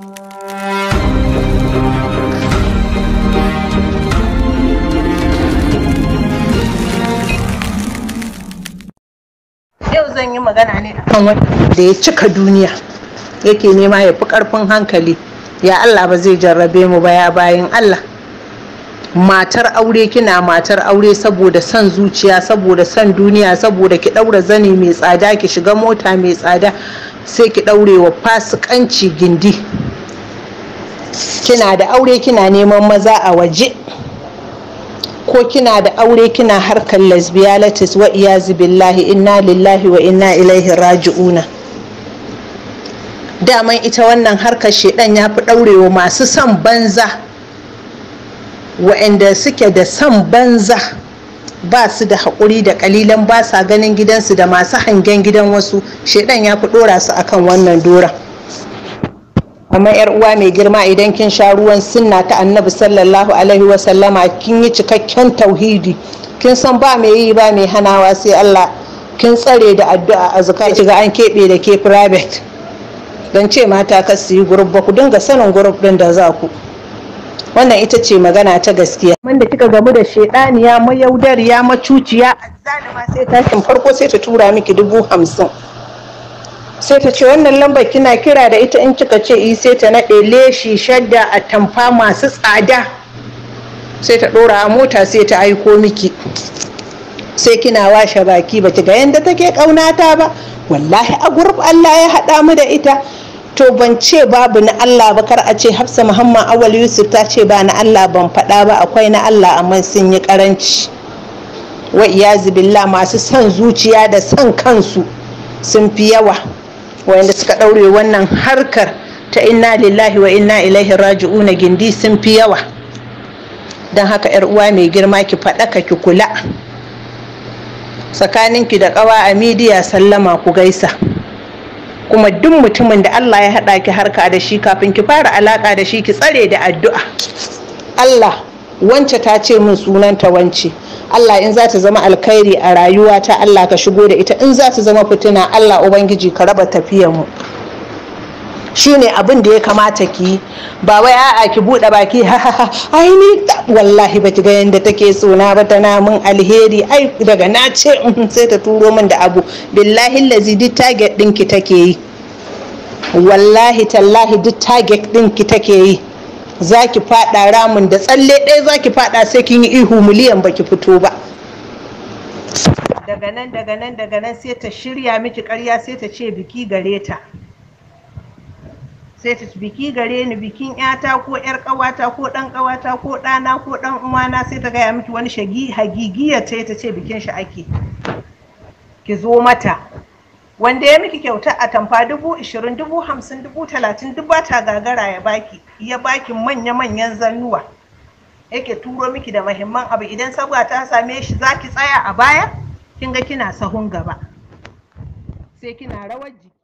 Yau zan yi magana ne akan wanda da ya cika duniya yake nema ya fi ƙarfin hankali ya Allah ba zai jarrabe mu ba ya bayan Allah matar aure kina matar aure saboda son zuciya saboda son duniya saboda ki ɗaura zani mai tsada ki shiga mota mai tsada sai ki ɗaure wa fasikanci gindi kina da aure kina neman maza a waje ko kina da aure kina harkar lesbialitis wa iyazu billahi inna lillahi wa inna ilaihi raji'una daman ita wannan harkar shedan ya fi ɗaurewa masu son banza wa'anda suke da son banza ba su da haƙuri da ƙalilan ba sa ganin gidansu da masu hangen gidan wasu shedan ya fi ɗora su akan wannan doron amma yar uwa mai girma idan kin sha ruwan sunna ta annabi sallallahu alaihi sallama kin yi cikakken tauhidi kin san ba mai yi ba mai hanawa sai allah kin tsare da addu'a a zuka ga an keɓe da ke private don ce mata ka su yi gurub ba ku dinga sanin gurub din da za ku wannan ita ce magana ta gaskiya da kika gamu da shedaniya mayaudariya macuciya azzalima sai tashin farko sai ta tura miki dubu hamsin sai ta ce wannan lambar kina kira da ita in kika ce i eh, sai ta naɗe leshi shadda a tamfa masu tsada sai ta ɗora a mota sai ta aiko miki sai kina washe baki ba ga yadda take ƙaunata ba wallahi a gurb Allah ya haɗa mu da ita to ban ce babu na Allah ba kar a ce Hafsa Muhammad Awal Yusuf ta ce ba na Allah ban faɗa ba akwai na Allah amma sun yi karanci wa iyazu billah masu son zuciya da son kansu sun fi yawa wayanda suka ɗaure wannan harkar ta inna lillahi wa inna ilaihi raji'una gindi sun fi yawa don haka yar uwa mai girma ki faɗaka ki kula ki da ƙawa a midiya sallama ku gaisa kuma duk mutumin da Allah ya haɗa ki harka da shi kafin ki fara alaƙa da shi ki tsare da addu'a Allah wance ta ce min sunanta wance Allah in za ta zama alkhairi a rayuwa ta Allah ka shigo da ita in za ta zama fitina Allah ubangiji ka raba tafiyar mu ne abin da ya kamata ki ba wai a'a ki buɗe baki ai ni wallahi baki ga yadda take so na ba tana namun alheri ai daga na ce mm, sai ta turo min da abu billahi lazi duk target ɗinki take yi wallahi tallahi duk target ɗinki take yi za ki fada ramin da tsalle ɗaya za ki fada sai kin yi ihu miliyan baki fito ba daga nan daga nan daga nan sai ta shirya miki karya, sai ta ce biki gare ta sai ta biki gare ni bikin yata ko yar ƙawata ko ɗan ƙawata ko ɗana ko ɗan uwana sai ta gaya miki wani shagi hagigiyar ta ta ce bikin shi ake ki zo mata wanda ya miki kyauta a tamfa dubu ishirin dubu hamsin dubu talatin duk bata gagara ya baki ya baki manya-manyan zannuwa yake turo miki da mahimman abu idan sabga ta same shi za ki tsaya a baya kin ga kina sahun gaba sai kina rawar jiki